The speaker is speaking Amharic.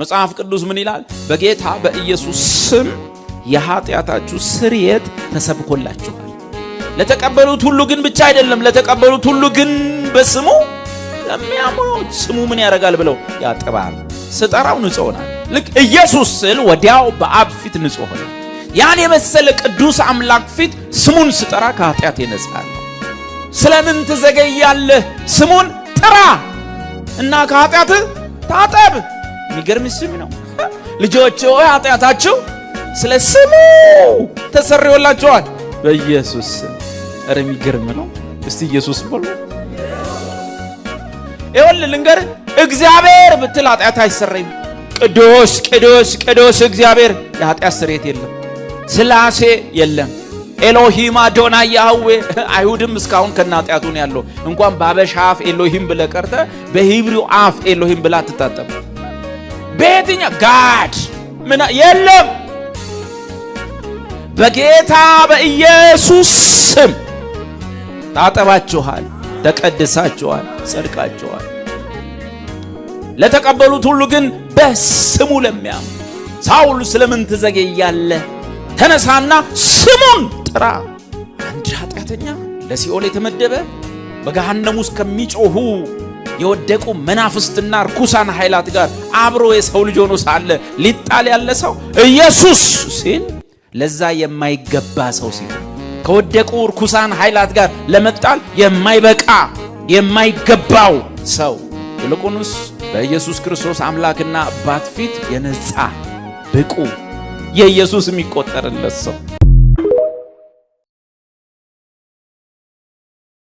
መጽሐፍ ቅዱስ ምን ይላል? በጌታ በኢየሱስ ስም የኃጢአታችሁ ስርየት ተሰብኮላችኋል። ለተቀበሉት ሁሉ ግን ብቻ አይደለም፣ ለተቀበሉት ሁሉ ግን በስሙ ለሚያምኑት ስሙ ምን ያደርጋል ብለው ያጥባል። ስጠራው ንጽሆናል። ልክ ኢየሱስ ስል ወዲያው በአብ ፊት ንጹሕ ሆነ። ያን የመሰለ ቅዱስ አምላክ ፊት ስሙን ስጠራ ከኃጢአት ይነጻል። ስለምን ትዘገያለህ? ስሙን ጥራ እና ከኃጢአት ታጠብ የሚገርም ስም ነው። ልጆች ሆይ ኃጢአታችሁ ስለ ስሙ ተሰርዮላችኋል በኢየሱስ ስም። ኧረ የሚገርም ነው። እስቲ ኢየሱስ ብሎ ይኸውልህ ልንገር፣ እግዚአብሔር ብትል ኃጢአት አይሰረይም። ቅዱስ ቅዱስ ቅዱስ እግዚአብሔር የኃጢአት ስርየት የለም። ስላሴ የለም። ኤሎሂም አዶና ያህዌ አይሁድም እስካሁን ከነ ኃጢአቱ ያለው። እንኳን ባበሻ አፍ ኤሎሂም ብለ ቀርተ በሂብሪው አፍ ኤሎሂም ብላ አትታጠብ። በየትኛው ጋድ ምና የለም። በጌታ በኢየሱስ ስም ታጠባችኋል፣ ተቀድሳችኋል፣ ጸድቃችኋል። ለተቀበሉት ሁሉ ግን በስሙ ለሚያም ሳውል ስለምን ትዘገያለህ? ተነሳና ስሙን ጥራ። አንድ ኃጢአተኛ ለሲኦል የተመደበ በገሃነም ውስጥ ከሚጮኹ የወደቁ መናፍስትና ርኩሳን ኃይላት ጋር አብሮ የሰው ልጅ ሆኖ ሳለ ሊጣል ያለ ሰው ኢየሱስ ሲል ለዛ የማይገባ ሰው ሲል ከወደቁ ርኩሳን ኃይላት ጋር ለመጣል የማይበቃ የማይገባው ሰው ይልቁንስ በኢየሱስ ክርስቶስ አምላክና አባት ፊት የነጻ ብቁ የኢየሱስ የሚቆጠርለት ሰው